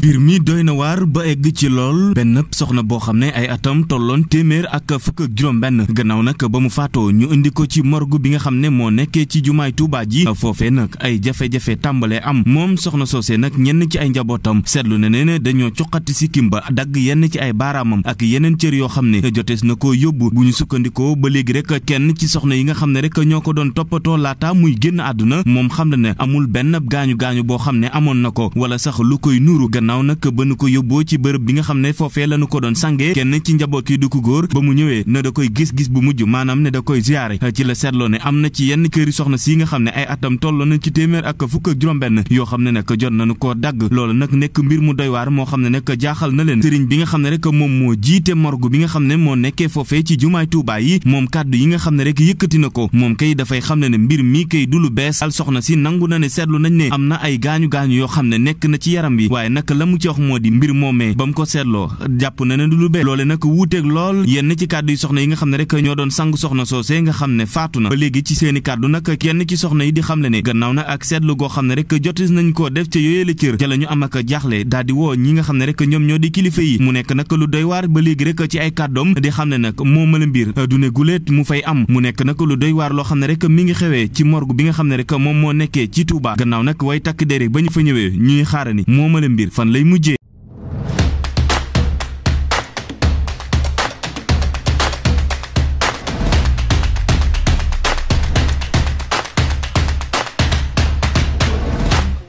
mbir mi doy na waar ba egg ci lool benn soxna boo xam ne ay atam tolloon téeméer ak fukk ak juróom-benn gannaaw nag ba mu faatoo ñu indi ko ci morgue bi nga xam ne moo nekkee ci jumaay Tuubaa ji foofee nag ay jafe-jafe tàmbalee am moom soxna soosee nag ñenn ci ay njabootam seetlu na ne ne dañoo cuqati sikkim ba dagg yenn ci ay baaraamam ak yeneen cër yoo xam ne jotees na ko yóbbu bu ñu sukkandikoo ba léegi rek kenn ci soxna yi nga xam ne rek ñoo ko doon toppatoo laata muy génn àdduna moom xam na ne amul benn gaañu gaañu boo xam ne amoon na ko wala sax lu koy nuuru gan gannaaw nag ba nu ko yóbboo ci bërëb bi nga xam ne foofee la nu ko doon sànge kenn ci njaboot yi du ko góor ba mu ñëwee ne da koy gis-gis bu mujj maanaam ne da koy ziyaare ci la seetloo ne am na ci yenn këri soxna si nga xam ne ay atam toll na ci téeméer ak fukk juróom-benn yoo xam ne nag jot nañu koo dagg loolu nag nekk mbir mu doy moo xam ne nag jaaxal na leen bi nga xam ne rek moom moo jiite morgue bi nga xam ne moo nekkee foofee ci jumaay Tuubaa yi moom kàddu yi nga xam ne rek yëkkati na ko moom kay dafay xam ne ne mbir mii kay du lu bees al soxna si nangu na ne seetlu nañ ne am na ay gaañu gaañu yoo xam ne nekk na ci yaram bi waaye nag la mu ci wax moo di mbir moomee ba mu ko seetloo jàpp na ne du lu bee loole nag wuuteeg lool yenn ci kàddu yi soxna yi nga xam ne rek ñoo doon sang soxna soosee nga xam ne faatu na ba léegi seeni kàddu nag kenn ci soxna yi di xamle ne gannaaw nag ak seetlu goo xam ne rek jotis nañ koo def ca la ñu am ak jaaxle daal di woo ñi nga xam ne rek ñoom ñoo di kilifa yi mu nekk nag lu doy waar ba léegi rek ci ay kàddoom di xam ne nag moo mala mbir du ne guleet mu fay am mu nekk nag lu doy waar loo xam ne rek mi ngi xewee ci morgue bi nga xam ne rek moom moo nekkee ci Touba gannaaw nag way takk dere ba ñu fa ñëwee ñuy xaarani moo mala mbir fan lay mujjee